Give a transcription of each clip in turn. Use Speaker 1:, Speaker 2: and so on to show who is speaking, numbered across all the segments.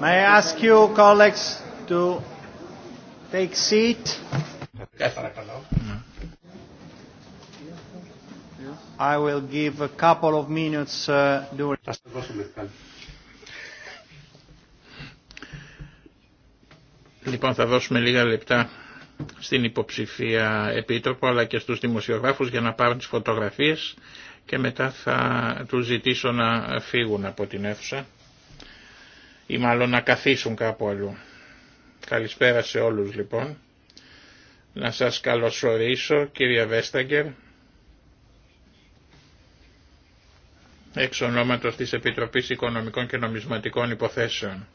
Speaker 1: May I ask you, colleagues, to take seat? I will give a couple of minutes uh, during. Λοιπόν, θα δώσουμε λίγα λεπτά στην υποψηφία επίτροπο αλλά και στους δημοσιογράφους για να πάρουν τις φωτογραφίες και μετά θα τους ζητήσω να φύγουν από την αίθουσα ή μάλλον να καθίσουν κάπου αλλού. Καλησπέρα σε όλους λοιπόν. Να σας καλωσορίσω κυρία Βέσταγκερ εξ ονόματος της Επιτροπής Οικονομικών και Νομισματικών Υποθέσεων.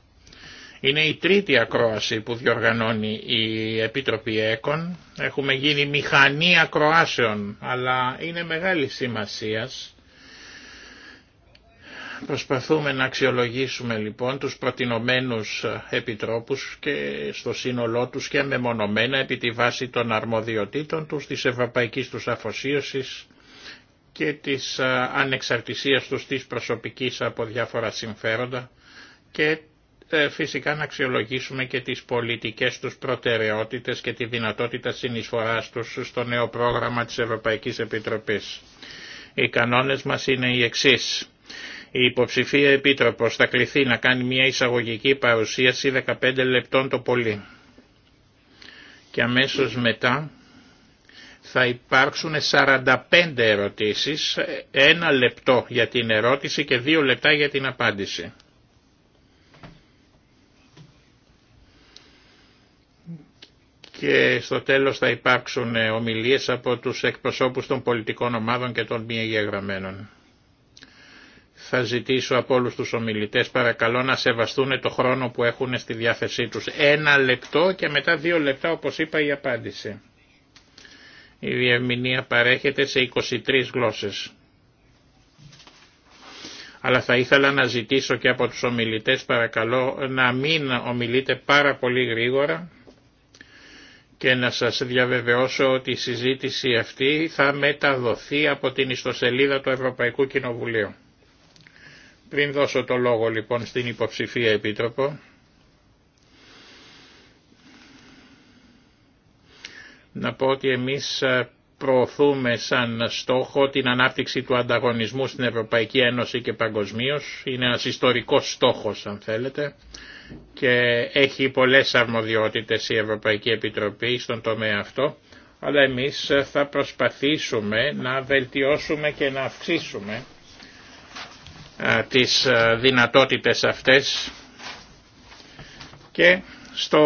Speaker 1: Είναι η τρίτη ακρόαση που διοργανώνει η Επίτροπη ΕΚΟΝ. Έχουμε γίνει μηχανή ακροάσεων, αλλά είναι μεγάλη σημασίας. Προσπαθούμε να αξιολογήσουμε λοιπόν τους προτινομένους επιτρόπους και στο σύνολό τους και μεμονωμένα επί τη βάση των αρμοδιοτήτων τους, της ευρωπαϊκής τους αφοσίωσης και της ανεξαρτησίας τους της προσωπικής από διάφορα συμφέροντα και φυσικά να αξιολογήσουμε και τις πολιτικές τους προτεραιότητες και τη δυνατότητα συνεισφοράς τους στο νέο πρόγραμμα της Ευρωπαϊκής Επιτροπής. Οι κανόνες μας είναι οι εξής. Η υποψηφία επίτροπος θα κληθεί να κάνει μια εισαγωγική παρουσίαση 15 λεπτών το πολύ. Και αμέσως μετά θα υπάρξουν 45 ερωτήσεις, ένα λεπτό για την ερώτηση και δύο λεπτά για την απάντηση. και στο τέλος θα υπάρξουν ε, ομιλίες από τους εκπροσώπους των πολιτικών ομάδων και των μη εγγεγραμμένων. Θα ζητήσω από όλους τους ομιλητές παρακαλώ να σεβαστούν το χρόνο που έχουν στη διάθεσή τους. Ένα λεπτό και μετά δύο λεπτά όπως είπα η απάντηση. Η διευμηνία παρέχεται σε 23 γλώσσες. Αλλά θα ήθελα να ζητήσω και από τους ομιλητές παρακαλώ να μην ομιλείτε πάρα πολύ γρήγορα και να σας διαβεβαιώσω ότι η συζήτηση αυτή θα μεταδοθεί από την ιστοσελίδα του Ευρωπαϊκού Κοινοβουλίου. Πριν δώσω το λόγο λοιπόν στην υποψηφία επίτροπο, να πω ότι εμείς ε, προωθούμε σαν στόχο την ανάπτυξη του ανταγωνισμού στην Ευρωπαϊκή Ένωση και παγκοσμίω. Είναι ένας ιστορικός στόχος αν θέλετε και έχει πολλές αρμοδιότητες η Ευρωπαϊκή Επιτροπή στον τομέα αυτό αλλά εμείς θα προσπαθήσουμε να βελτιώσουμε και να αυξήσουμε τις δυνατότητες αυτές και στο,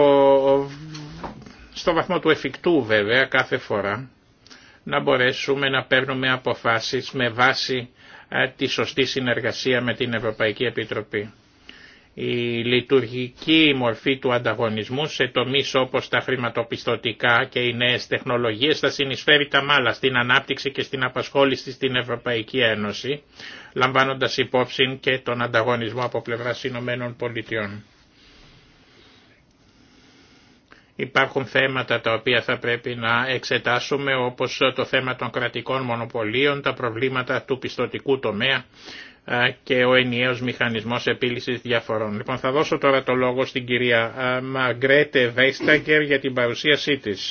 Speaker 1: στο βαθμό του εφικτού βέβαια κάθε φορά να μπορέσουμε να παίρνουμε αποφάσεις με βάση τη σωστή συνεργασία με την Ευρωπαϊκή Επιτροπή. Η λειτουργική μορφή του ανταγωνισμού σε τομείς όπως τα χρηματοπιστωτικά και οι νέες τεχνολογίες θα συνεισφέρει τα μάλα στην ανάπτυξη και στην απασχόληση στην Ευρωπαϊκή Ένωση, λαμβάνοντας υπόψη και τον ανταγωνισμό από πλευράς Ηνωμένων Πολιτειών. Υπάρχουν θέματα τα οποία θα πρέπει να εξετάσουμε όπως το θέμα των κρατικών μονοπωλίων, τα προβλήματα του πιστοτικού τομέα ε, και ο ενιαίος μηχανισμός επίλυσης διαφορών. Λοιπόν, θα δώσω τώρα το λόγο στην κυρία ε, Μαγκρέτε Βέισταγκερ για την παρουσίασή της.